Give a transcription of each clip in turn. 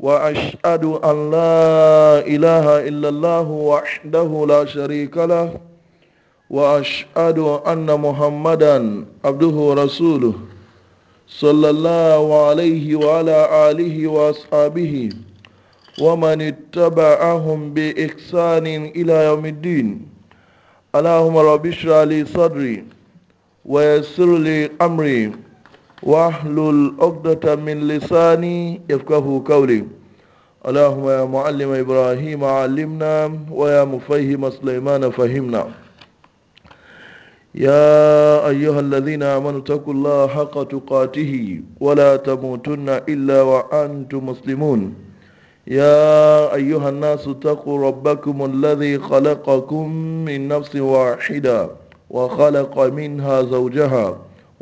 واشهد ان لا اله الا الله وحده لا شريك له واشهد ان محمدا عبده ورسوله صلى الله عليه وعلى اله واصحابه ومن اتبعهم باحسان الى يوم الدين اللهم رب اشرح لي صدري ويسر لي امري واحلل عقدة من لساني يفقه قولي اللهم يا معلم إبراهيم علمنا ويا مفهم سليمان فهمنا يا أيها الذين آمنوا اتقوا الله حق تقاته ولا تموتن إلا وأنتم مسلمون يا أيها الناس اتقوا ربكم الذي خلقكم من نفس واحدة وخلق منها زوجها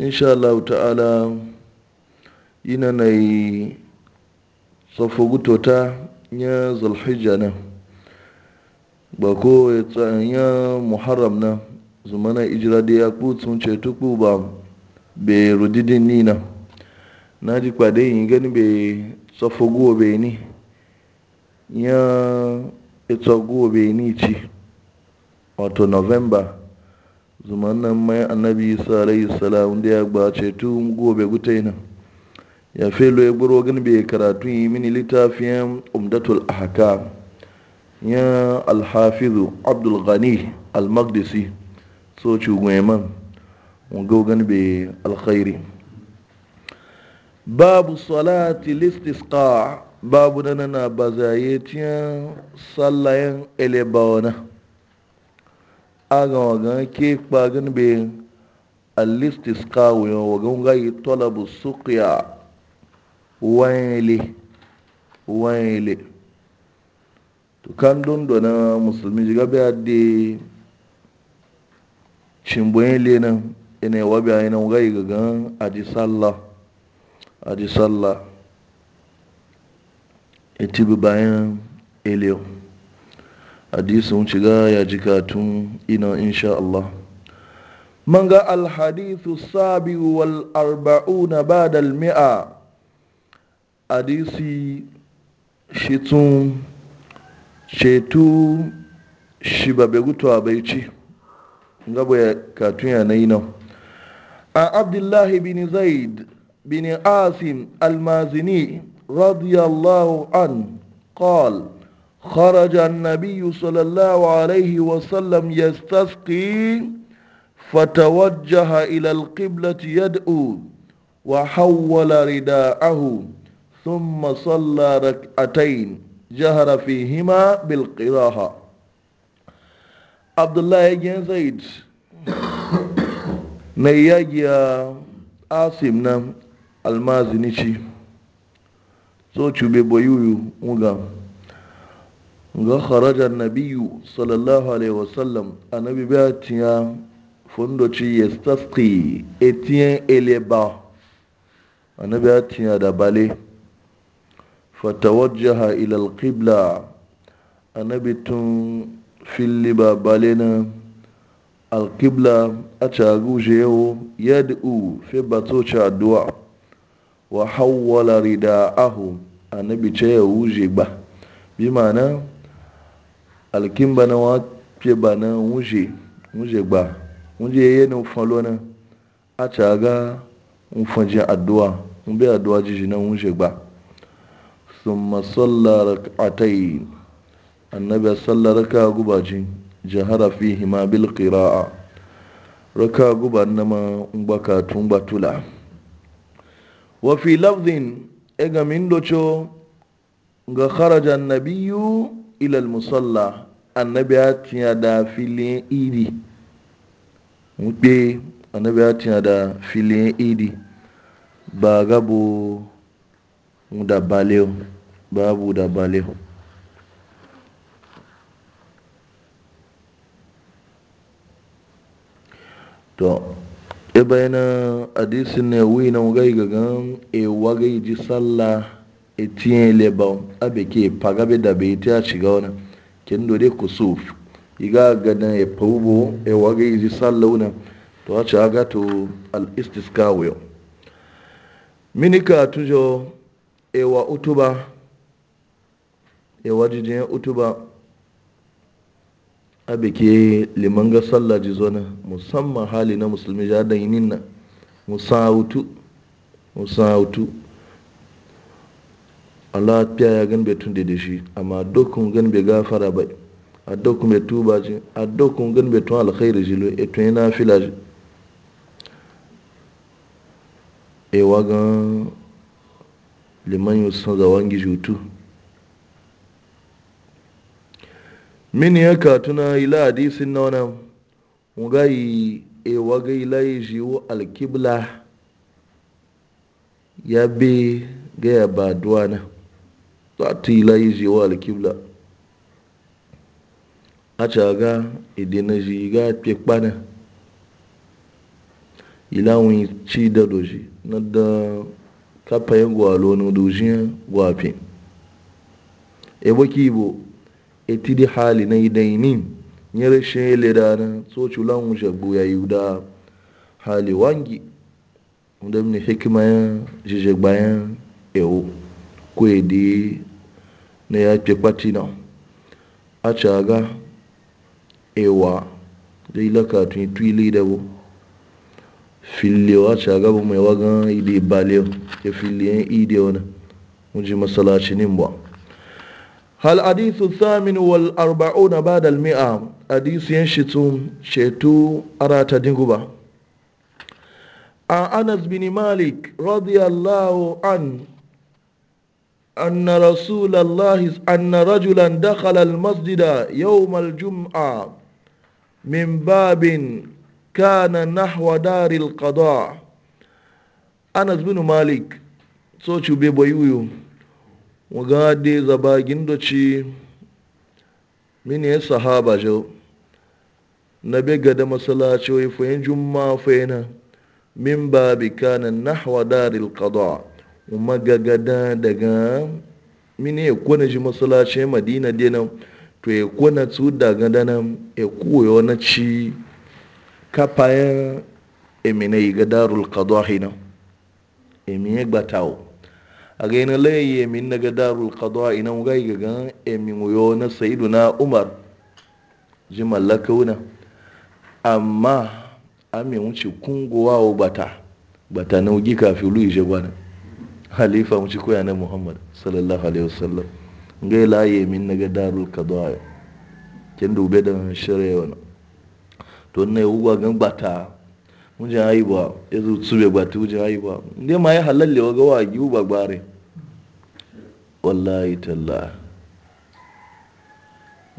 insha Allah ta'ala ina na yi ta ya zalhijja na ba ko ya muharram na zumana ijira da ya kutsun ce tuku ba be rudidin nina na ji kwade yin gani be tsafo gobe ni ya ita gobe ni ci wato november Zuman nan, mai annabi isa alaihi salam da ya gbace tun gobe gutaina ya felo ya gburo gan bai karatu yi mini littafiyan umdatul ahkam ya alhafizu abdul ghani al-maqdisi so ci gweman go gan bai alkhairi babu salati listisqa babu nana na bazaye tiyan sallayen elebawana aga waga ke kpagin be alistis kawo waga gayi tolabu sukiya wanyele wanyele to kan dondo na musulmi jiga be adde cimboyin lenin ina wabi a wa yi gagan aji sallah aji sallah bi bayan hadisi wuce ga ya ji katun ina insha Allah man ga alhadithu sabi wal arba'una ba'da al mi'a hadisi shitun cetu shi ba bai gutu a bai ci gaba ya ya nai nan a abdullahi bin zaid bin asim almazini radiyallahu an qala خرج النبي صلى الله عليه وسلم يستسقي فتوجه إلى القبلة يدعو وحول رداءه ثم صلى ركعتين جهر فيهما بالقراءة عبد الله بن زيد نياجي عاصم نم المازنشي so cube boyuyu ngam ga kharajar nabiyu sallallahu alaihi wasallam annabi ba tiya fundoci ya staski etiyen eleba annabi ya tiya da bale fatawajjaha ila alqibla annabi tun filli ba bale na alqibla a caguje yau yad'u fi batoci addu'a wa hawwala rida'ahu annabi ce ya wuje ba bi ma'ana alkimba na wa pe ba na wuje wuje gba wuje ye na falo na a ca ga mfanje addu'a mun bi addu'a jiji na wuje gba summa salla rak'atayn annabi salla raka gubaji jahara fihi ma bil qira'a raka guba na ma mbaka tun batula wa fi lafdhin ega min docho ga kharaja Nabiyu. ilal musalla annabi ya tiya da filin idi wuɗe annabi ya tiya da filin idi ba gabo da balewa babu da balewa to e bayanan adisi ne wi na wagai gagan e wagai ji sallah etiyen lebon paga be da bai ta shiga wani kin dole kusuf iga gana ya e faubo ya e waga yi sallauna to a ci aga to al-istiska wayo minika tujo e wa utuba ewa jijiyar utuba abeke liman ga sallah zona musamman hali na musulmi jadan yinin na musawutu musawutu Allah piya ya gan bai tunde da shi amma dokun gan bai gafara ba a dokun bai tuba ji a dokun gan bai tun alkhairu jilo lo e tun yana fila ji e wa gan liman yusan zawangi jutu min ya katuna ila hadisin na wannan yi e wa ga ila jiwo alkibla ya bi gaya ya ba duwana tsati layi jewa alkibla achaga idina fi pekpana ilawun ci da doji na da kafaye gwalo na dojin gwafi ebo kibo eti di hali na idainin e ya rashin leda na tsoci lawun shabu ya yi da hali wangi wanda mini hikima ya jijigbayan ewu ko edi na ya fi kwatina a caga ewa da ilaka tuni tuili da bu a caga bu mai wagan ide baliyo ya filiyan ide wani muji masalaci nin ba e hal Saminu, thamin wal arba'una ba'da ba dalmi'a adisu yan shitun shetu arata ba an anas bin malik radiyallahu an أن رسول الله أن رجلا دخل المسجد يوم الجمعة من باب كان نحو دار القضاء أنس بن مالك سوچو بيبويو وغادي زباقين دوشي من الصحابة جو نبي قد مسلاة شوي فين جمعة فين من باب كان نحو دار القضاء magagada daga mini ya kona ji masalacin madina dinan to ya kona su daga danan ya koyo na ci kafayen eminai ga darul qadahina emin ya o a ga yana layi emin na ga darul qadahina ga yi ga emin wuyo na Saidu na umar ji wuna amma amin wuce kungowa bata bata naugi kafin lu ije gwanin halifa mu ci koya na muhammad sallallahu alaihi wasallam ngai laye min naga darul qada ken dube da shirye wana to ne uwa gan bata mun je ayi ba yazo tsube ba tu je ayi ba ngai ma ya halalle wa ga wa giu ba gware? wallahi talla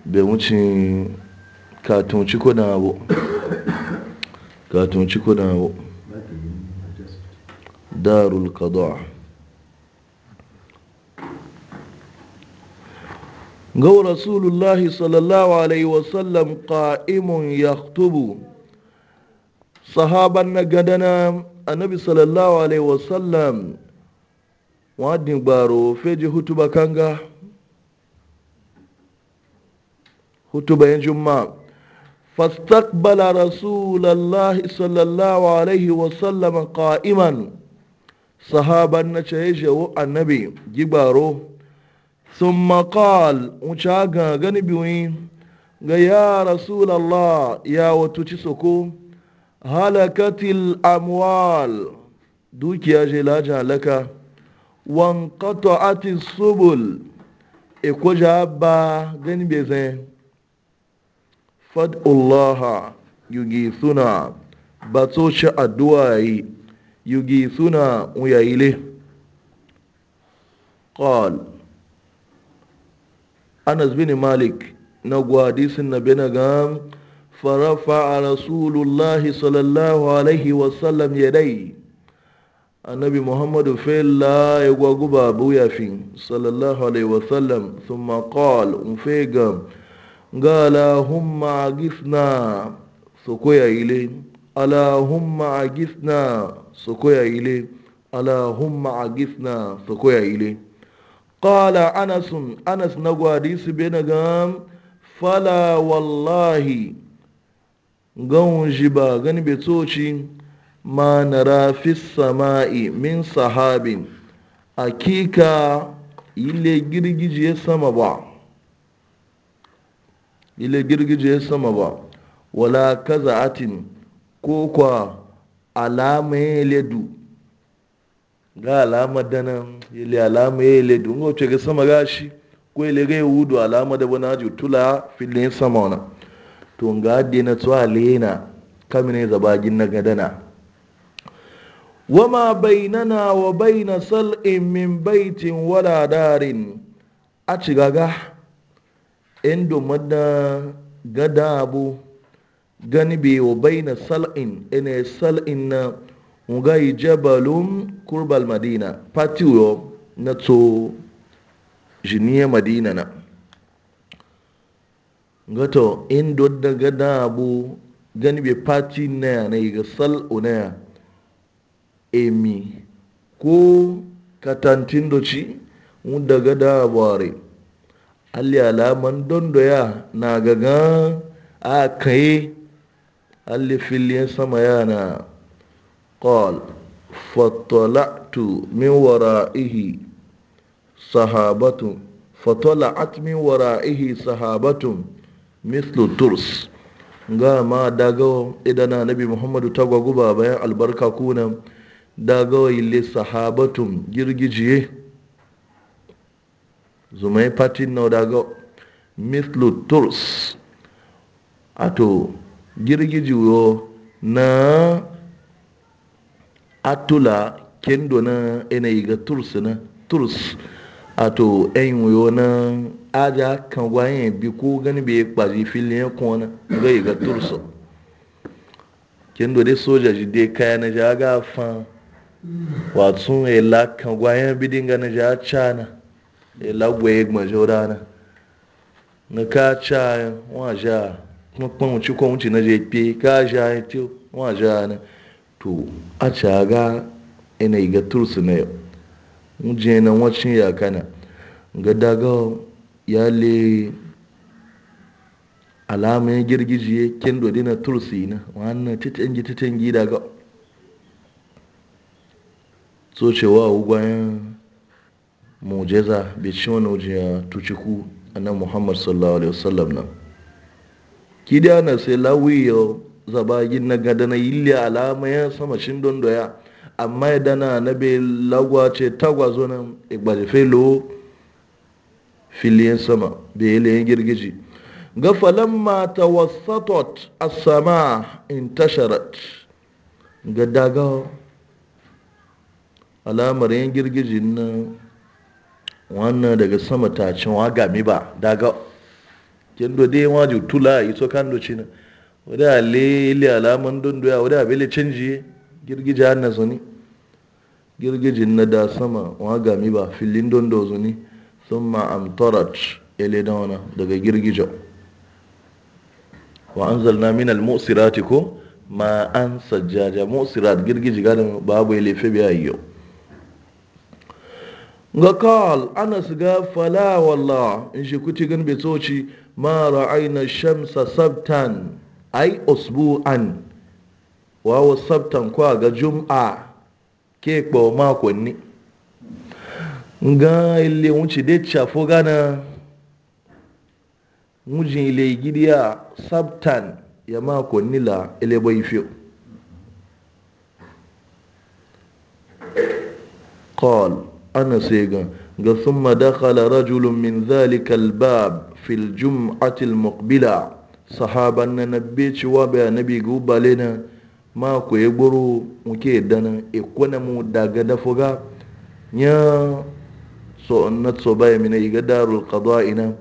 be mu ci ka tun ci ko na bo ka ci ko na bo darul qada غو رسول الله صلى الله عليه وسلم قائم يخطب صحابا غدنا النبي صلى الله عليه وسلم وادن بارو فيجي هتوبا كانغا هتوبا ينجمع فاستقبل رسول الله صلى الله عليه وسلم قائما صحابا نشيجه النبي جبارو sun makal un ca ga gani biyoyi ga ya rasu Allah ya wato ci soko halakatil amuwal dukiya je laji halaka wankato a ti subul e ko ja ba gani be zai fadullaha yugi suna ba to ci addu'a yugi suna un yayi anas bin malik na gwadisin na benaga farafa a rasulullahi sallallahu alaihi wasallam ya dai annabi muhammadu fela ya gwaguba buyafin sallallahu alaihi wasallam sun makol nfega ga alahumma a gisna su koya ile alahumma a gisna su koya ile alahumma a gisna su koya ile qala anas na gwadi su be na gam wallahi gawun ba gani be tsoci ma nara fi sama'i min sahabin akika ile girgije sama ba wala kaza'atin ko kwa alamayin ga alama dana ile alama ya ile dungo ce ga sama gashi ko ile ga wudu alama da wani aji tula filin sama wana to ga dina na alena kamine zabagin na gadana wama bainana wa baina sal'in min baitin wala darin a cigaga gaga inda madda gada abu gani bai wa baina sal'in ina sal'in na yi jabalun kurbal madina patiyo na to jiniya madina na to in dodda gada abu gani bai fati na yanayi ga sal'o na ya emi e ko katantin doci da gada alli alaman ya na gaga a kaye filin sama yana قال فطلعت من ورائه صحابة فطلعت من ورائه صحابة مثل ترس ga ma dagawa idan annabi muhammadu ta gwaguba bayan albarka kuna dagawa le sahabatun girgijiye yi fatin na dagawa mislu turs ato girgijiyo na atula kendo na enayi ga turs na turs ato en yo na aja kan gwayen bi ko gani be kpaji filin ko na ga yi ga turs kendo de soja ji de kaya na ja ga fa watsun ela kan gwayen bi dinga na ja chana ela gwe gma jodana na ka ca wa ja kuma kpan uchi ko na je pe ka ja ti wa ja na to a caga ina ga tursu na muje na wacin ya kana ga daga ya le girgiji ya kendo dina tursi na wannan titangi titangi daga so cewa ugwayen mujeza bai ci wani ujiya tuciku nan muhammad sallallahu alaihi wasallam nan kidi ana sai lawiyo zabagin na gada na yilli alama ya sama shin dondoya amma ya dana na bai lagwa ce tagwazo nan igbaje e felo filiyan sama bai yiliyan girgiji ga falamma ta wasatot a sama in tasharat ga dagawa alamar yan girgijin nan wannan daga sama cin wa gami ba daga kendo dai wajen tula iso kan doci na wadda ale ile alaman don wadda a bele canji girgije hannu na zuni girgijin na da sama wa gami ba filin dondo su zuni sun ma amtarat ele da wana daga girgijo. wa an zalna min al-musirati ko ma an sajjaja musirat girgiji, gadon babu ile fe biya yau ga kawal ana su ga falawalla in shi kuti gan betoci ma ra'ayna shamsa sabtan ai usbu'an wa wasabtan ko ga jum'a ke kpo mako ni nga ile won ci de chafo gana muji ile gidiya sabtan ya mako ni la ile boy fio qal ana sega ga summa dakhala rajulun min dhalika albab fil jum'ati almuqbila sahaban na na cewa bai nabi ga ubale na ma ku ya gboro muke dana e ikuna mu daga dafuga ya so na so baya mina iga darul qada ina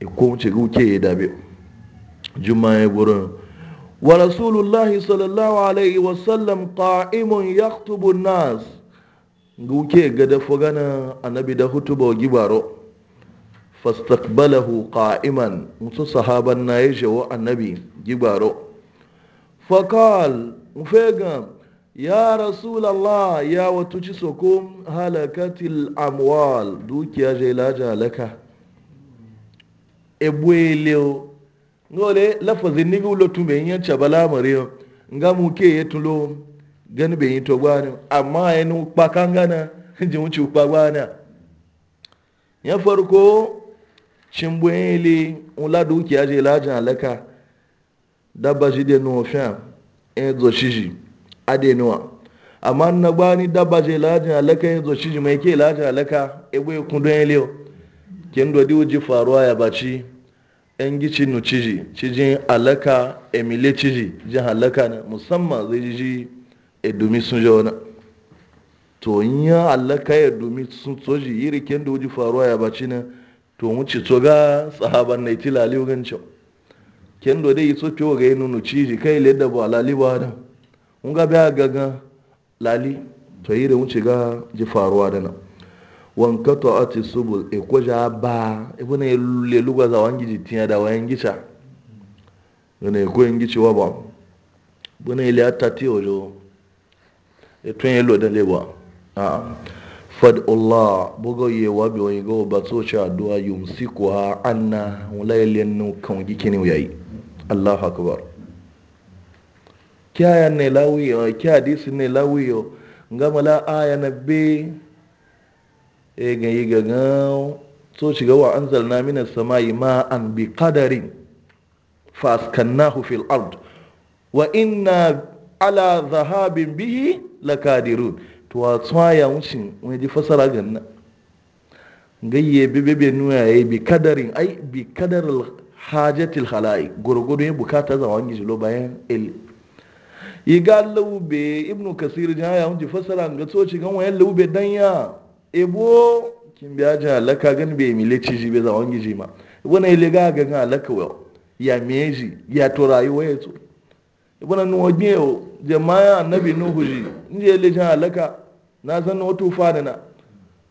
ikon e ci gu ya dabe juma'a gboro ورسول الله صلى الله عليه وسلم قائم يخطب الناس guke ga dafuga na annabi da hutuba gibaro fastaqbalahu qa'iman musu sahaban na ya shawo annabi gibaro fakal mufega ya rasulallah ya wato ci soko halakatil amwal dukiya je laja halaka ebweleo ngole lafazin nigi ulo tumbe nya chabala mare nga muke yetulo gani be yito gwani amma yenu pakangana je mu ci pakwana ya farko cin buyenle nla dukiya ki aje alaka dabba shi da nuwa de no zo en shi a ade no amma na ni dabba je lajin alaka in zo shi shi mai ke lajin alaka ebe ya kundin yale kin di uji faruwa ya bachi en gichi nu chiji cijin alaka emile chiji je alaka ne musamman zai ji edumi sun je wani to yin alaka edumi sun soji yiri kin uji faruwa ya bachi ne to muci coga na iti cewa. ken do dai so to ga nunu ciji kai da ba lali ba da mun ga biya gaga lali to yi da muci ga ji faruwa da nan wanka to ati subul e ko ja ba ibu e na le luga za wangi ji tiya da wayan gicha ne ko yin gici wa ba bune le atati ojo e tun yelo da lebo ba a'a fad'ullah bugoye bi wani go ba so cha yumsiku ha anna laylan nu kan gikini yayi allahu akbar kya ne lawi o kya dis ne lawi ngama la aya na be e ga yi ga ga so ga wa anzalna minas samai ma'an bi qadarin faskannahu fil ard wa inna ala dhahabin bihi lakadirun tuwa tsuwa ya wuce wani ji fasara ganna gayye bebe be ya yi bi kadarin ai bi kadaril hajjatil halai gurgudu ya bukata za wani jilo bayan il iga laube ibnu kasir jan ya wuce fasara ga tsoci gan wayan laube ya ebo kin biya ja halaka gan be mile ji be za wani ma. wani ile ga ga halaka wa ya meji ya to rayuwa ya tsoci ibana gbin yau, jama'a annabi nuhu ji inji ya jan halaka na san wato fada na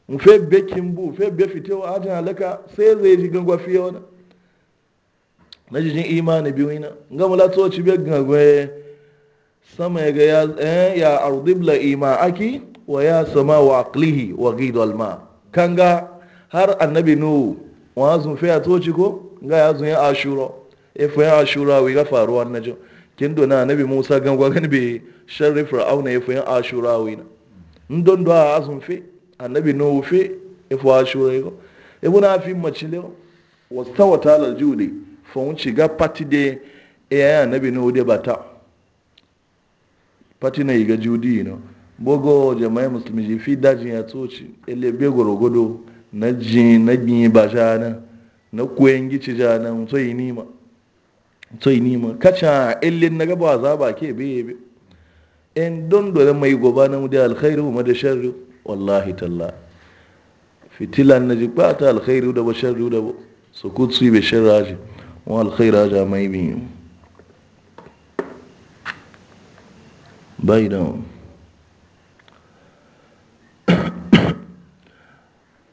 mu bekin bu fe be fito a jan halaka sai zai ji gangwa fiye wani na jijin imani biyu ina ga mu tso ci be gangwe sama ya ga ya eh, ya ardibla ima aki wa ya sama wa aqlihi wa ghidal ma kanga har annabi nuhu wa azun fe tso ci ko ga ya azun ya ashura e fa ya ashura wi ga faruwa na jin kin dona nabi musa gan gwagan be sharri fir'auna ya fuyin ashura wina Don do a azun fe annabi no fe ya fu ashura ko e buna fi macile wastawa talal judi fa un ci ga pati de e ya annabi no de bata pati na ga judi no bogo jama'a musulmi ji fi dajin ya tsoci ele be gorogodo na ji na gin ba jana na kuyen gici jana so yi nima to yi nima kacha illin na gaba za ba ke biye bi in don dole mai goba na da alkhairu ma da sharri wallahi talla fitilan na jikba ta alkhairu da ba sharri da ba su kutsu bi sharri wa alkhaira ja mai bi bai da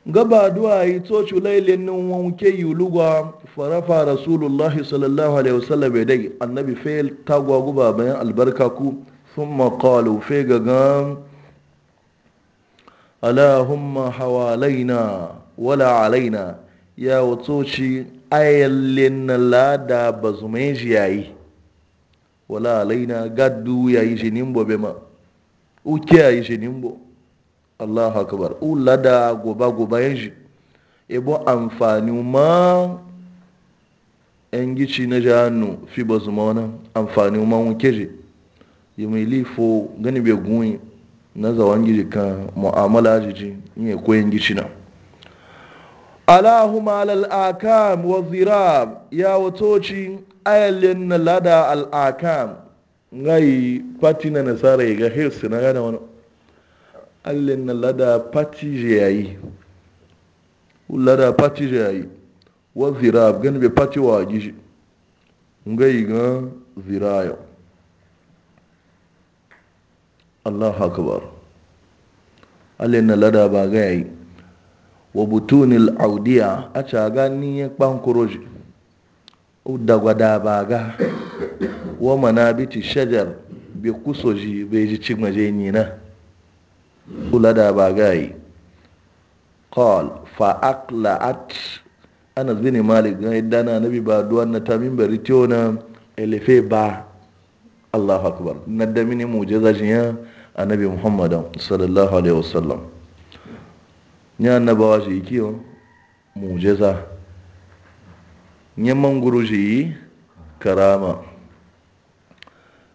gaba duwa yi to culailin nan wanke yi lugwa farafa rasulullahi sallallahu alaihi wasallam ya dai annabi fail tagwa guba bayan albarka ku sun maƙalu fai gagan alahumma hawalaina wala alaina ya wato ci ayyallin na lada ba zumeji yayi wala alaina gaddu yayi shi nimbo bema uke yayi shi nimbo allahu akbar ula da goba goba ya ji ebo amfani ma yan gici na jihannu fi ba zuma wani amfani ma wuke ji yi mai lifo gani bai guni na zawon gidi kan mu'amala jiji ne koyan gici na malal akam wa zirab ya watoci ayalin na lada al'akam ngai fatina nasara ya ga hirsi na gada wani allen na lada pati je yayi lada pati je wa zira gan be pati wa gishi ngai ga zirayo Allah akbar allen na lada ba ga yi, wa butunil audiya a ca ni ya kpankoroji udagwada ba ga wa manabiti shajar bai kusoji bai ji cigmaje ni na ulada ba gayi qal fa aqla'at anas bin malik ga dana nabi ba duwan na tamin bari tiona elefe ba allahu akbar na da mini mujiza jiya annabi muhammadan sallallahu alaihi wasallam ni annabawa shi kiyo Mujeza. ni manguru shi karama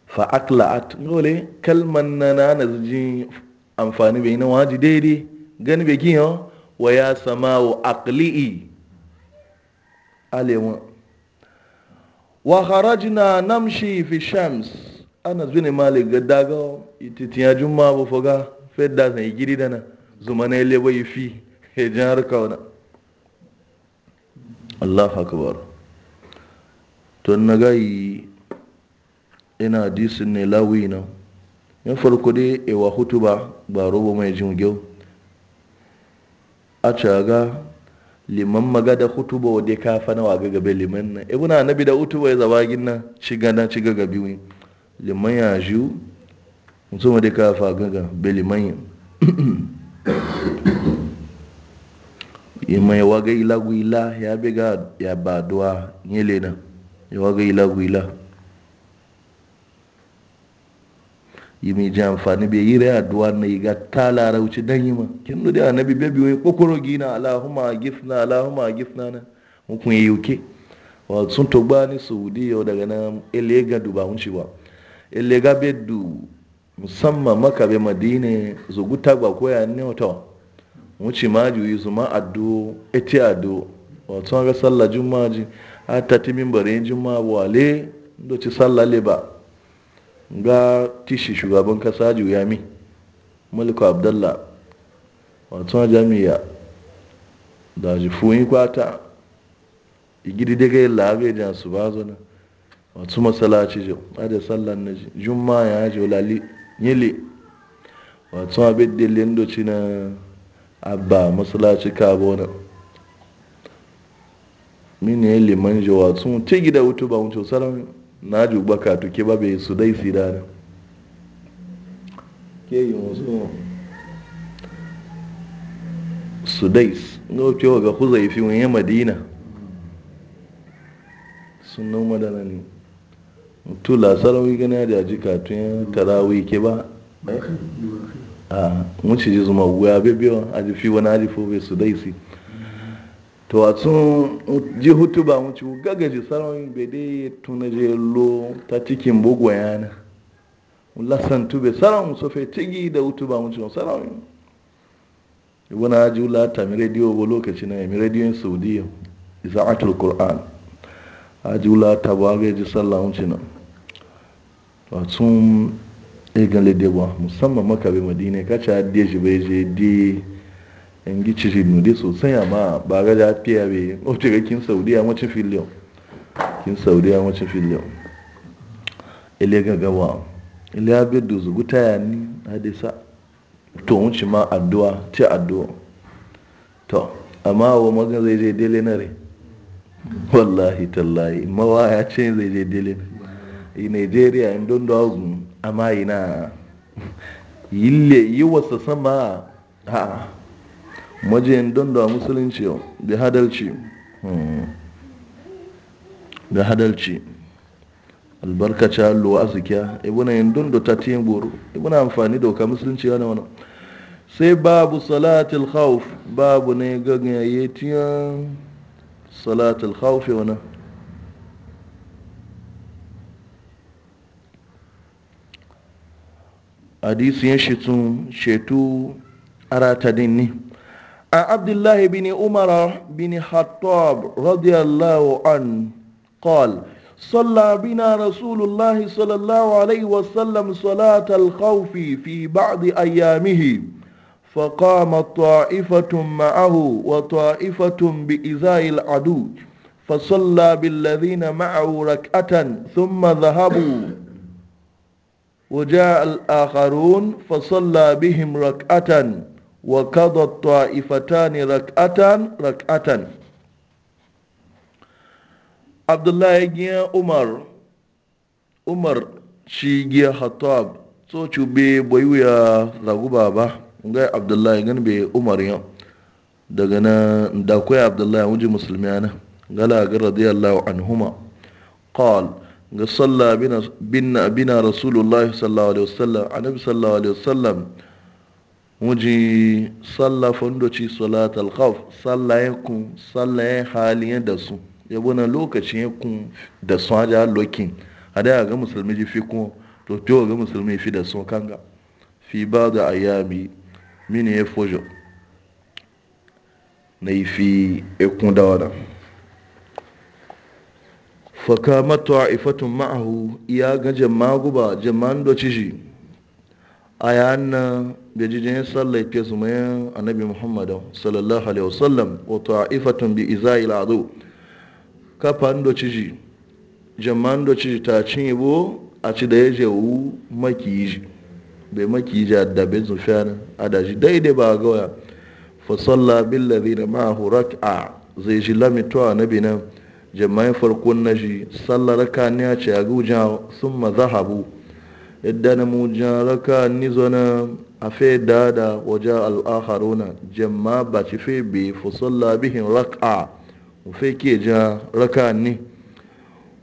fa aqla'at ngole kalman na na nazji amfani bai na waji daidai gani bai giyan wa ya sama wa akli'i alewa wa na namshi fi shams ana zuni malik ga daga ititiya juma ba foga fedda zai gidi dana zuma na ile bai fi jan harka wani allah akbar tun na gayi ina disin ne lawi na yin farko dai ewa hutu ba ba robo mai gyau a caga liman maga da hutu ba wadda ka fana wa gagabe liman na na annabi da hutu ya zaba gina ci gana ci gaga biyu liman ya jiyu ma wadda ka fa gaga be liman yin ma ya waga ila gwila ya ga ya baduwa nyele na ya waga ila gwila yi mai ji amfani bai yi rai addu'a na yi ga ta larauci dan yi ma kin da dai annabi bai biyo kokoro gina alahuma gifna alahuma gifna na hukun yi uke wa sun to gbani saudi yau daga nan elega duba hun ba elega bedu musamman maka bai madina zuguta gba koya ne wata wuce maji yi zuma addu eti addu wato ga sallah jumma ji a tatimin bare juma'a wale ndo ci sallah le ba ga tishi shugaban kasa juya mi mulku abdalla wato jami'a da ji fuyin kwata igidi daga yin labe da su ba zana wato masalaci jo a da sallan na juma ya jo lali yili wato abin dilin doci na abba masalaci kabo na mini liman jo wato tigi wuto ba wuce salamin na ju baka tuke ba bai su dai sida ne ke yi wasu sudais na ofe wa ga kuzai fi wani madina sunan madana ne mutu lasarar wiga wigana ya jaji katun tarawih ke ba a wuce ji zuma wuya bebewa a jifi wani ajifo bai su daisi to a sun ji hutu ba mu ci gagaji sarawin bede tuna je lo ta cikin bugwa yana lasan tube sarawin musu fai tigi da hutu ba mu ci sarawin ibn haji ula ta mi rediyo ba lokaci na mi rediyo rediyon saudiya iza'atul kur'an haji ula ta ba ga ji sallah mu ci na to sun egan gale de ba musamman makabe madina kacha da shi bai je di ingi ci rinudi sosai amma ba ga da hafiya be o te ga kin saudi mu ci filiyon kin saudi mu ci filiyon ile ga gawa ile abi duzu gutaya ni hadisa to wuce ma addu'a ce addu'a to amma wa maza zai je dele na rai wallahi tallahi mawa ya ce zai je dele na nigeria in don dogun amma ina yille yi wasa sama ha majiyan don a musulunci da hadalci hmm. da hadalci albarkaci alluwa zikiya ibuna yin dundu ta timburu na amfani da wuka musulunci wani wani sai babu salatul khawf babu ne ganyaye tiyan salatul khawf wani hadisi yin shetu aratadin ne عن آه، عبد الله بن عمر بن خطاب رضي الله عنه قال صلى بنا رسول الله صلى الله عليه وسلم صلاة الخوف في بعض أيامه فقام طائفة معه وطائفة بإزاء العدو فصلى بالذين معه ركعة ثم ذهبوا وجاء الآخرون فصلى بهم ركعة wa kada ta'ifatani rak'atan rak'atan abdullahi giya umar umar shi giya hatab so cube bai wuya raguba ba ga abdullahi gan bai umar yau daga da koya abdullahi wuji musulmi ana gala ga radiyallahu anhuma qal ga salla bina bina rasulullah sallallahu alaihi wasallam annabi sallallahu alaihi wuji sallah fondoci salatul khawf sallah yankun sallah ya hali da su yabo na lokacin yankun da su haja lokin a da ga musulmi ji fi kuma to to ga musulmi fi da su kanga fi ba da ayami mini ya fojo na yi fi ekun da wadanda fakamatu a ifatun ma'ahu iya ga jama'a guba jama'an doci shi A aya da bejijin sallai ke su mayan annabi muhammadu sallallahu alaihi wasallam a ifatun bi izai la'adu kafan do ciji jama'an doci ciji ta cin yabo a ci da ya je wu makiji bai makiji a dabe bai zufiyanin a da daidai ba gawaya fa salla billazi da ma'ahu rak'a zai ji lamito nabi nan jama'in farkon na ji sallar kaniya ne a ce a gujan sun mazahabu na mujan raka ni a afe dada waje al'aharuna jama ba ci fe bi fusalla bihin raka fe ke ja raka ni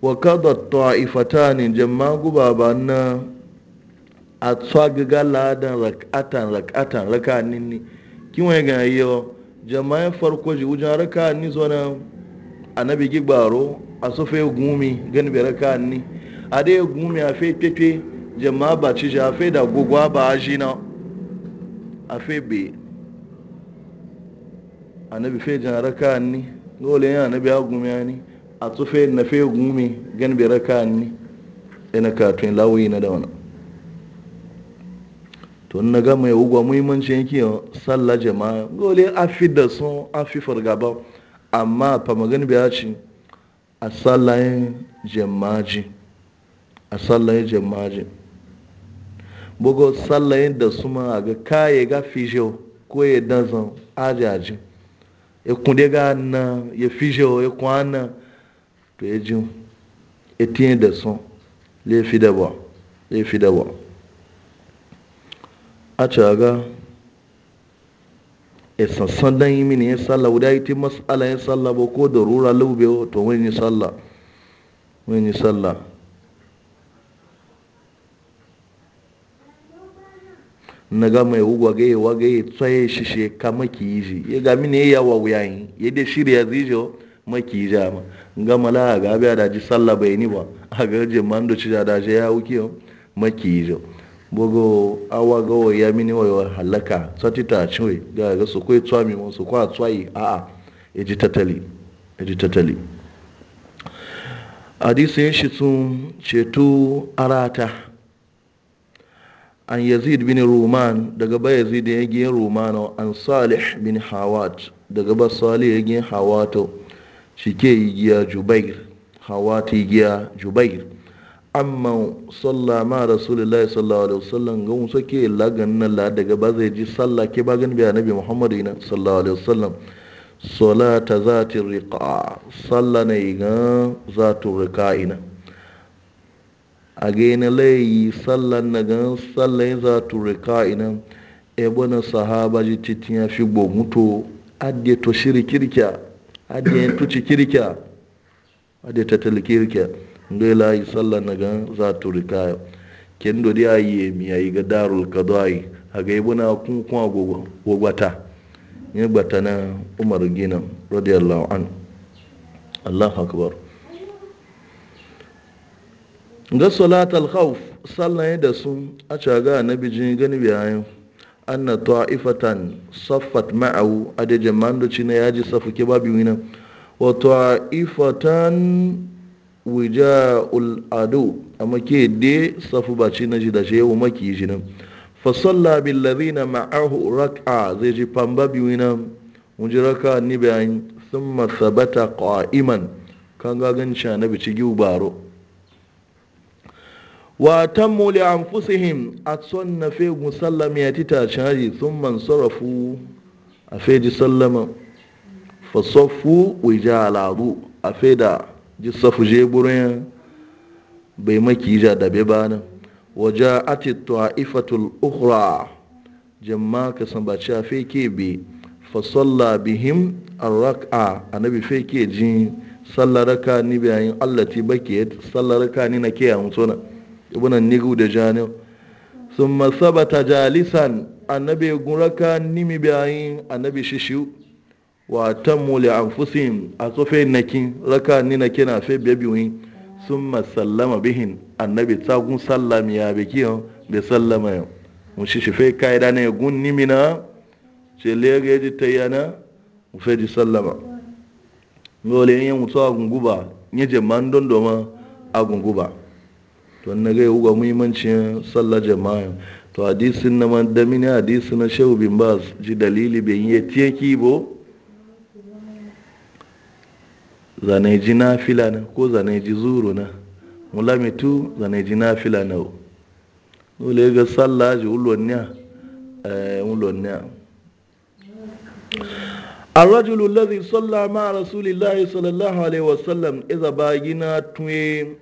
wa ta'ifata ne jama guba ba na a tsagiga ladan rak'atan rak'atan raka ni ni kiwon ga yiwo ya farko ji wujen raka ni zona annabi gbaro a sofe gumi gani bai raka ni a dai gumi a fe pepe jama'a ba ci hafe da gugwa ba a shi na a na bi fe jan ka ni dole yana annabi ya gumi ni a tufe na fe gumi gan bi raka ni ina e katon lawi na da wani to na ga mai ugwa muhimmanci yanki salla jama'a dole a fi da sun a fi fargaba amma fa magani biya ci a sallayin jama'a a sallayin jama'a bugo sallayin da ma ga kaye ga fijo ko ya dazan ajaji ya e kunde ga na ya fijo ya e kwana to ya ji etiyen da sun laifi da ba laifi da ba a caga e, e sassan dan yi mini ya salla wuda yi ti masala ya salla ba ko da rura lubewa to wani salla wani salla. na ga mai wage wage tsaye shi she ka maki ji ya gami ne ya wa wuyayin ya da shirya zijo maki ja ma ga mala ga biya da ji sallah bai ni ba a ga je mando ci da da je ya wuki maki jo bogo awa ga ya mini wa halaka satita ciwe ga ga su kai tsami mu su kwa tsayi a a ya ji tatali ya ji tatali hadisi shi sun ceto arata an yazid bin roman daga ba yazid ya gin romano an salih bin hawat daga ba salih ya gin hawato shi ke yi giya jubair yi giya jubair amma salla ma rasulullahi sallallahu alaihi wasallam ga musa ke lagan nan la daga ba zai ji Sallah ke ba gan biya nabi muhammadu ina sallallahu alaihi wasallam salata zati riqa salla yi ga zatu riqa ina a gaina layi sallan na gan sallan za tu rika ina ebo na sahaba ji titin ya fi muto adiye to shiri kirkiya adye tuci kirkiya adye tattali kirkiya ngai layi sallan na gan za tu kin kendo di ayi mi ayi ga darul kadai a ga ebo na kun kun gogwata ne gbata na umar gina radiyallahu anhu allahu akbar ga salatul khawf sallaye da su a caga na jin gani biyayen anna ta'ifatan saffat ma'ahu a da jama'an da cina ya ji safu ke babu wina wa ta'ifatan wija'ul adu amma ke de safu ba na ji da shi yau maki shi nan fa salla bil ladina ma'ahu rak'a zai ji pamba bi wina mun ji raka ni bayan thumma thabata qa'iman kan ga ganci annabi ci giubaro wa tammu li anfusihim atsonna fe musallama ya tita sun thumma sarrafu. afe ji sallama al'adu a afe da ji safu je burin bai maki ja da bai bana a ati ifatul ukhra jamma ka san ba cha fe ke bi fa bihim arraka bi fe ke ji sallaraka ni bayan allati bakiyat sallaraka ni na ke amsona ibn nigu da jani summa sabata jalisan annabi guraka nimi bayan annabi shishu wa an fusin a tsofe nakin raka ni nake na fe bebiwin sun masallama bihin annabi tagun sallami ya biki yau bai sallama yau mu shishu fe kaida ne gun nimina ce lege ji yana mu fe ji sallama ngole yin mutuwa gunguba nye je don doma a gunguba to na ga yau ga muhimmancin sallar jama'a to hadisin na mandamini hadisi na shehu bin bas ji dalili bin yi tiye bo zane ji na fila na ko zane ji zuru na mulamitu zane ji na fila na o dole ga sallah ji ulonniya eh ulonniya الرجل الذي صلى مع رسول الله صلى الله عليه وسلم إذا توين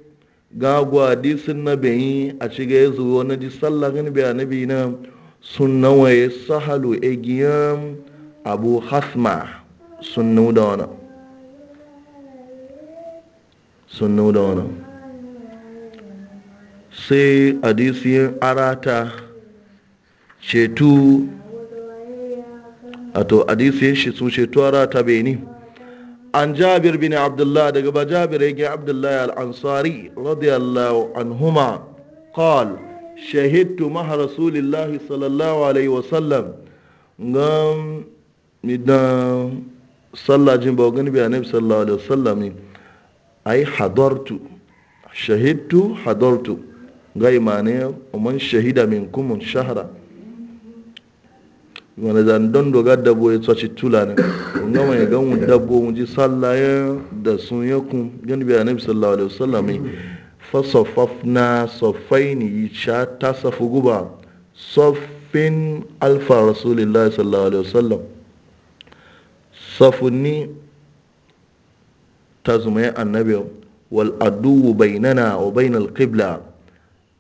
gagwa hadisin na bayi a ciga ya zuwa na ji sallah gani bai annabi na sunna waye sahalu egiyan abu hasma sunnu da wana sunnu da wana sai hadisiyin arata cetu a to hadisiyin shi sun cetu arata bai ni an jabir bin abdullah daga ba jabir yake abdullah al-ansari radiyallahu anhuma qal shahidtu maha rasulillah sallallahu alaihi wasallam ngam midan sallajin ba gani bi annabi sallallahu alaihi wasallam ai hadartu shahidtu hadartu gai mane man shahida minkum shahra wani zan don doga dabo ya tsaci tula ne kun gama ya gan dabo mu ji sallaye da sun ya kun gani bi annabi sallallahu alaihi wasallam fa safafna safaini sha ta safu guba safin alfa rasulillahi sallallahu alaihi wasallam ni ta zuma ya annabi wal aduwu bainana wa bainal qibla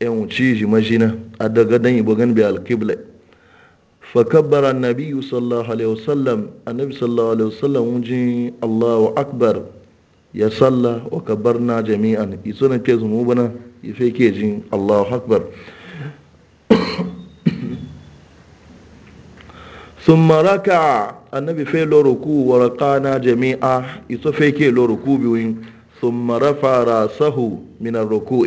yan wuci shi a daga dan yi bugan biya al qibla fakabbara nabiyu sallallahu alaihi wasallam annabi sallallahu alaihi wasallam wujin allahu akbar ya salla wa kabbarna jami'an isuna ke zumu bana ife jin allahu ثم ركع النبي في لوركو ورقانا جميعا يتوفي لوركو بوين ثم رفع راسه من الركوع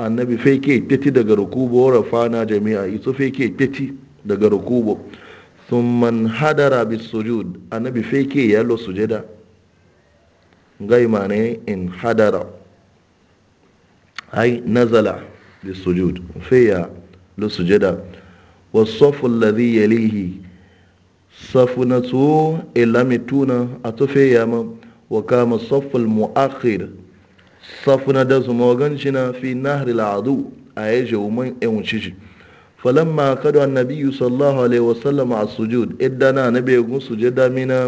النبي في تتي دغ ركوع ورفعنا جميعا يتوفي تتي daga rukubo thumman hadara bis sujud annabi feke ya yalo sujada ngai ne in hadara ai nazala bis sujud feya lo sujada wasafu alladhi yalihi safunatu ilamituna atofeya ma wa kama safu al muakhir safuna da su maganci na fi nahri al a yaje umman e yan wucici falamma kada annabi sallallahu alaihi wasallam a sujud iddana na begun sujada mina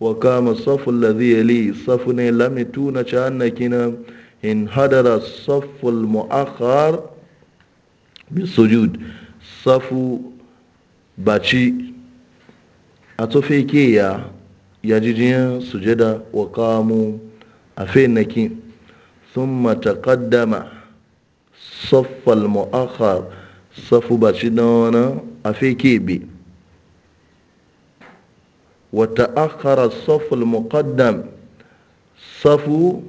wa kama safun lazi yali ne lamitu na ci hannakina in hadara safun mu'akhar bi sujud safu baci a tufe ke ya ya jijiyar sujada wa a fenakin sun matakaddama safal safu ba shi na wani a fi kebe wata akara safu muqaddam safu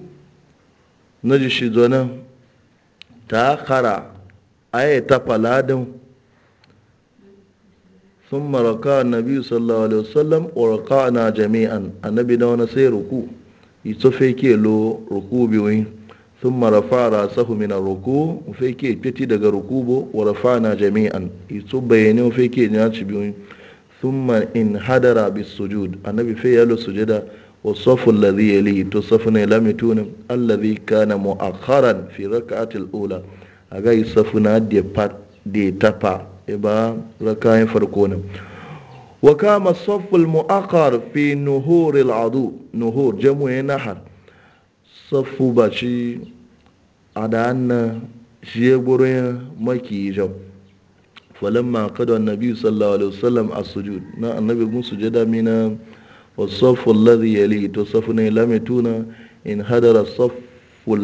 na ji shi zana ta akara aya ta faladin sun maraka nabi sallallahu alaihi wasallam waraka na jami'an annabi na wani sai ruku ito ke lo ruku biyu sun marafa mina min ruku fe ke fiti daga rukubo wa na jami'an isu bayanin fe ke ya ci biyu in hadara bis sujud annabi fe yalo sujada wa safu alladhi yali to safu ne lamitun alladhi kana mu'akharan fi rak'ati al-ula aga safu na de pat de tapa e ba rakayin farko na. wa kama safu al-mu'akhar fi nuhur al-adu nuhur jamu safu bashi a da hannun shi ya guri maki jau falin makadon nabi sallallahu alaihi wasallam a sujud na annabi gun su jada mina wasoful lazi ya li to safu ne tuna in hadara saful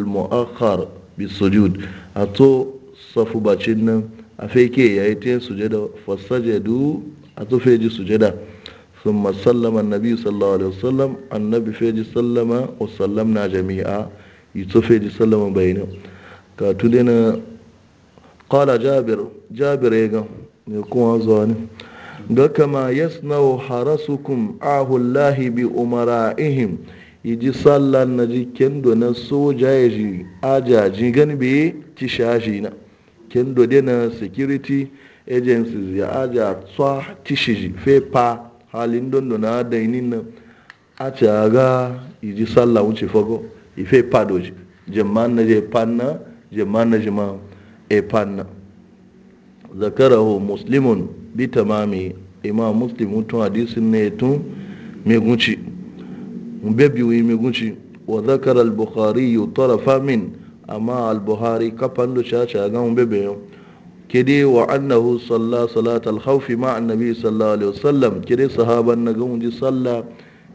mu'akhar bi sujud a to safu bacin nan a feke ya yi ta sujada fasajadu a to feji sujada sun masallama nabi sallallahu alaihi wasallam annabi feji sallama wasallam na jami'a yi tsofe da sallama bayanin ka tude na kala jabir ya zuwa ne ga kama ya sanawo harasukun ahun lahibi umara ihim yi ji sallan na ji kendo na soja ya ji ajaji gani biye ci shashi na kendo dai na security ya aja tsawa ci shi ji fe halin dondona da yi nina a ce a ga yi wuce fago ife padoji jamman na je panna jamman na jima e panna zakarahu muslimun bi tamami imam muslim tun hadisin ne tun megunci mbebi wi megunci wa zakara al-bukhari tarafa min amma al-bukhari kafan do chacha ga mbebe yo kede wa annahu salla salat al-khawf ma annabi sallallahu alaihi wasallam kede sahaban na gunji Sallah.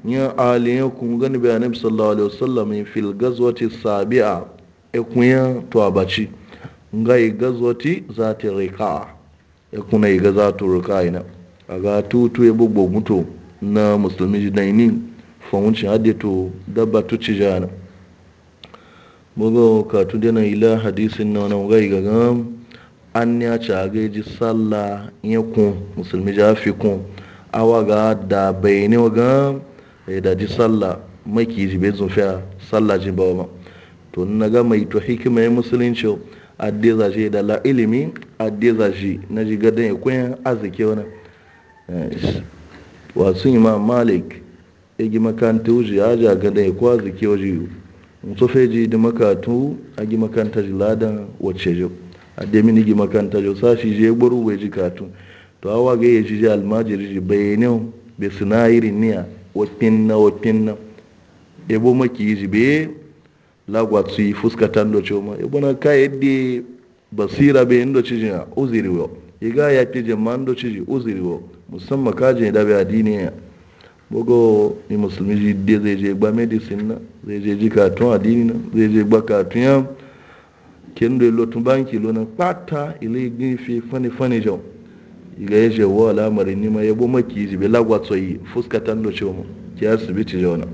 ni aliyan kun gani bayan nabi sallallahu alaihi wasallam fil gazwati sabi'a e kunya to abaci ngai gazwati zati rika e kuna iga zatu rika ina aga tutu e bugbo muto na musulmi jidaini fawunci hadde to dabba ci jana bugo ka tudena ila hadisin na wannan ngai gaga an ya ci aga ji sallah ya kun musulmi jafi kun awa ga da bayani wa ga ya eh, daji ji sallah maki ji bai zofiya sallah ji ba ma to na ga mai to hikima ya musulunci adde za shi da la ilimi adde za shi na ji gadon ya kuyan arziki wani eh, wasu imam malik ya gi makanta wuce ya a gadon ya kuwa arziki waje mutufe ji da makatu a gi makanta ji ladan wacce ji adde mini gi makanta ji shi je gburu bai ji katun to awa ga ya ji ji almajiri ji bayanin bai sinayirin niya wopinna wopinna e bo makiji be lagwatsi fuskatan do coma ebo na ka yadda basira be ndo ciji a uziri wo iga ya fi jama'an do ciji uziri wo musamman je da bai adini ya bugo ni musulmi ji de zai je gba medicine na zai je ji katon adini na zai je gba katon ya kendo ilotun banki lona pata ile igin fi fani fani jau ya yeje wo lamarin nima ya bu maki ji be lagwa tsoyi fuska tan do chomo ki asibiti jona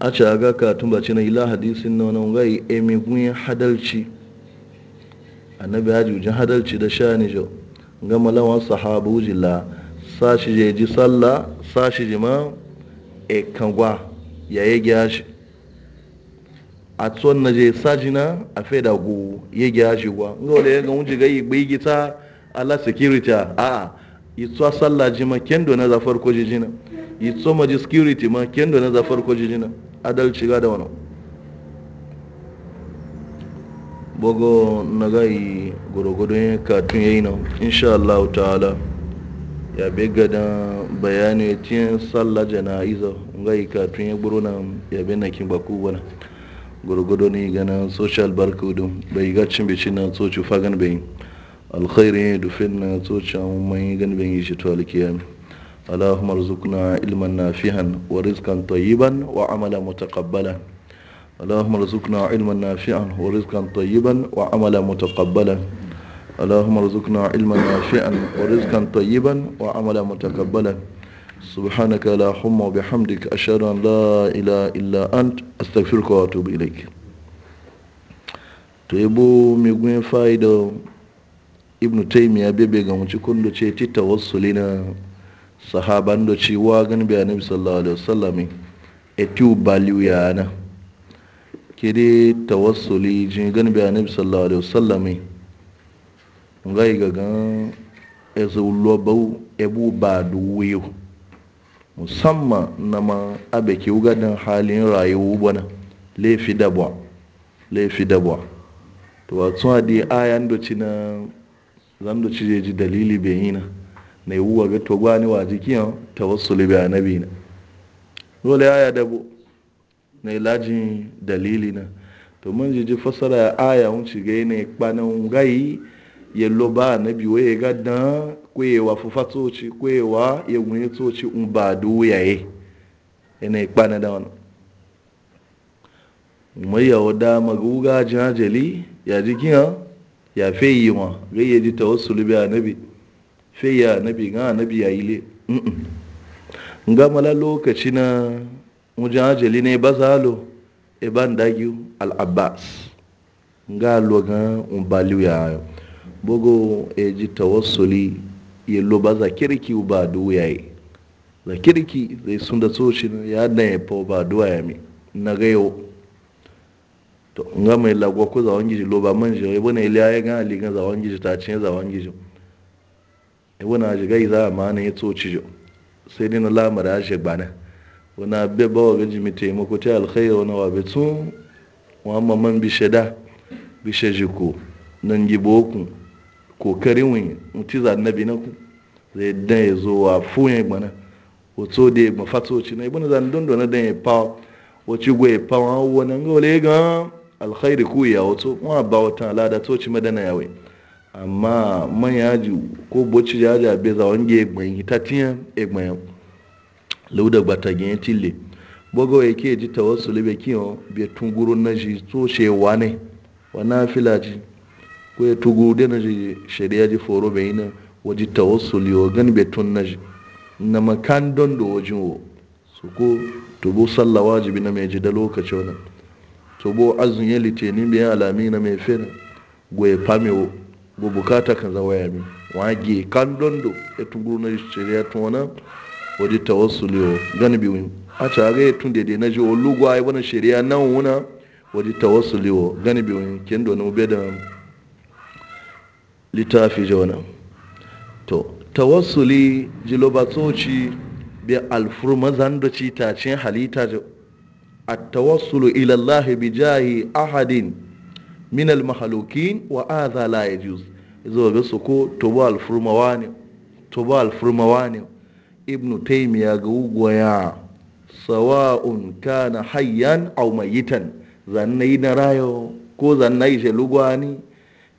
a ci aga ka ci na ila hadisin na wani ngai emi gunyen hadalci annabi biya ujin hadalci da sha ni jo ga malawan sahabu jilla sashi je ji sallah sashi ji ma e kangwa ya gya shi a tsohon na je sajina a fai da ya gya shi gwa ngole ga wunji ga yi gbe gita ala security a itso sallah jima kendo na za farko jijina itso ji security ma kendo na za farko jijina adalci ga da wannan bogo na yi gwargwadon katun yayi nan insha Allah ta'ala ya bega da bayani tin sallah jana'iza yi katun ya buru nan ya bi na kin baku wani gwargwado ne ganin social barcode bai ga cin bici na tsoci fagan bai alkhairi dufin na zuciyar mai ganin yi shi tuwal a allahumma rizukna ilman nafihan wa rizkan tayyiban wa amala mutaqabbala allahumma rizukna ilman nafihan wa rizkan tayyiban wa amala mutaqabbala allahumma rizukna ilman nafihan wa rizkan tayyiban wa amala mutaqabbala سبحانك لا حمى بحمدك أشهد أن لا إله إلا أنت أستغفرك وأتوب إليك تيبو ميغوين فايدو ibn taymiya bebe ga muci kundu ce tita wasu na sahaban da ci wa gan bi annabi sallallahu alaihi wasallam etiu baliu ya na kede tawassuli jin gani bi annabi sallallahu alaihi wasallam ngai ga gan ezu lobau ebu badu wiyo musamman na ma abe ki ugadan halin rayuwa bana laifi dabwa laifi dabwa to a tun adi ayan do na zamdo ji dalili bai yi na yi wuwa ga ni wa yau ta wasu libya na dole aya bu na ilajin dalili na to mun ji fasara ya aya hun shige ne kpanin ya yallo ba anabi waye ga dan kwewa toci kwewa ya wuni toci un ba yi. yana ikpana da wani mai yawo da maguga jajali ya yau. ya feyi ma gayya ji tawassuli bi annabi feya annabi ga annabi ya ile gamala lokaci na mujajali ne bazalo e ban dagiu al abbas ga un umbaliu ya bogo e ji tawassuli ya lo baza kirki ba du ya yi la kirki zai sun da tsoshin ya dan ya fa ba a mi na gayo to nga mai lagwa ko zawon gizi lo ba man shi wai bane iliya ya gan aligan zawon gizi ta cin zawon gizi ibu e na shiga yi za a ne ya tsoci jo sai dina na ya shi bana wani abe ba wa gaji mu ko ta alkhairu na wa betu wamma man bi da bi jiko nan giboku ku kokarin wani mutu za na ku zai dan ya zo wa fuyen gbana wato to de mafatoci na ibu e zan dondo na dan ya pa wo gwa ya pa wani ga ngole gan alkhairi ku ya wato wa ba wata lada to ci madana yawe amma man yaji ko bocci jaja be za wange egban hitatiyan egban lauda gbata tile tille ya ke ji tawassuli be kiyo be tunguru na shi to she wane wana filaji ko ya tugu de na shi shari'a ji foro bai yi waji tawassuli liyo gani be tun na shi na makan don do wajin wo su ko tubu sallah wajibi na mai ji da lokaci. wannan so bo azun ya litinin biyan alami na mai fena goye famewo bo bukata kan zawa ya mi wage kan dondo ya e tunguru na shirya tun wana waje tawassuli yo gani biyu a ta ga tun dede na ji olugo ai wannan shirya nan wuna waje tawassuli yo gani biyu kin do no beda litafi jona to tawassuli jilobatsoci bi alfurma zandoci tacin halita jo التوصل إلى الله بجاه أحد من المخلوقين وهذا لا يجوز إذا بسكو توبا الفرمواني توبا الفرمواني ابن تيمية قوغويا سواء كان حيا أو ميتا زنين رايو ko zannai shi lugwani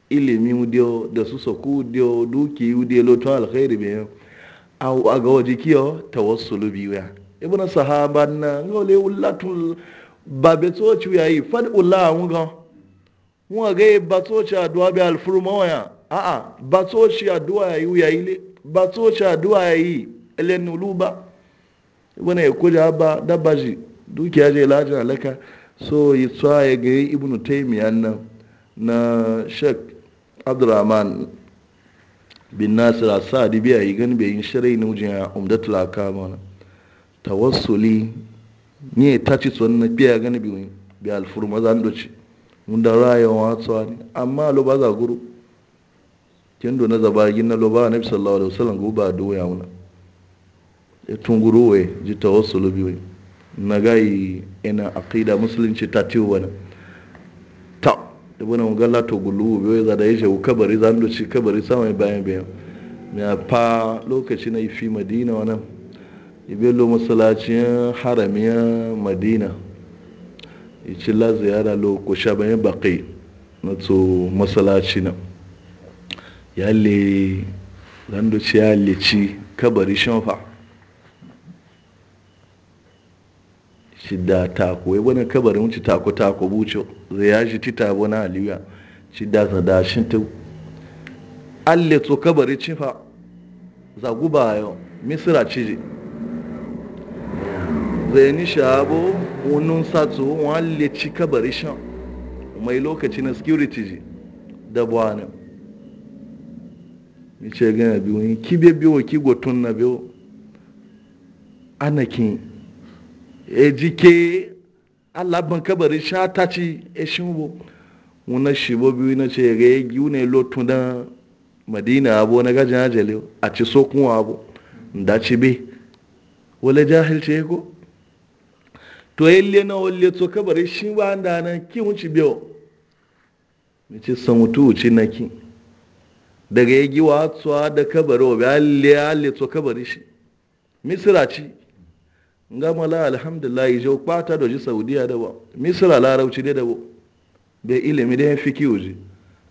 ilimi udiyo da su soku udiyo duki udiyo lotun alkhairi biyu a ga waje kiyo tawassulu biyu ibn sahaban na ngole ullatul babe tsoci fadi ula a Wunga mu ga ba tsoci duwa bi alfuru mawaya a a ba tsoci yi yi yi le ba tsoci yi yayi len ba ibn ya kuja ba dabaji dukiya je laja laka so yi ya ga ibn taymiyyah na na shek abdurrahman bin nasir asadi biya yi gani bai yi shirai na wujin umdatul kama na tawassuli ne ta ci tsohon na biya gani biyu bi alfurma za doci da rayuwa tsawa ne amma lo ba za guru kin do na zabagin na lo ba na sallallahu alaihi wasallam go ba do ya wuna e tunguru we ji tawassulu biyu na gayi ina aqida musulunci ta ci wani ta da mun galla to gulu biyu za da yaje kabari za doci kabari sama bayan bayan ya fa lokaci na yi fi madina wannan ibello masalacin haramiyar madina ici la ziyara lo ko shabaye bakai na to masalaci na le, zando ci ya ci kabari shanfa shi da tako ya wani kabari wuce tako tako buce zai ya shi tita wani aliyu shi da zada shi ta alle to kabari cifa zaguba yau misira ciji zai shabo wannan satu wani leci kabari shan mai lokaci na security ji da buwane mi ce gana e biyu yi kibe e ki gotun na biyu anakin e jike alaban kabari sha ta ci e shinbo wunan shibo biyu na ce e ga yi giyu ne lotun da madina abu na gajin ajiyar a ci sokun abu da ci be wale jahilci ya to yi na walle to kabari shi ba da nan ki wuce biyo mi ce san wutu wuce na ki daga ya giwa tsuwa da kabari wa yalle yalle to kabari shi misira ci ngama la alhamdulillah ijo kwata da ji saudiya da ba misira larauci da da ba bai ilimi da ya fi wuce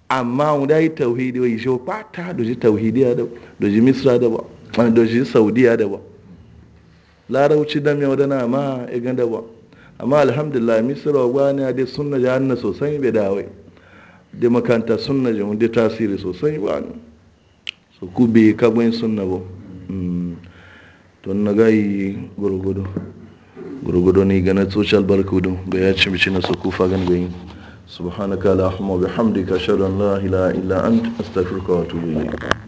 amma wanda yi tauhidi wa ijo kwata da ji tauhidiya da da ji misira da ba da ji saudiya da ba larauci da mai wadana ma igan e da ba amma alhamdulillah misira gwani da sunna sosai bai dawai da makanta sunna jamu da tasiri sosai ba ne su be kagwai sunna ba don mm. na gayi gurgudu gurgudu ne gana social barkudu ga ya ci bici na su kufa gan gani subhanaka la hamma bihamdika ashhadu an la ilaha wa atubu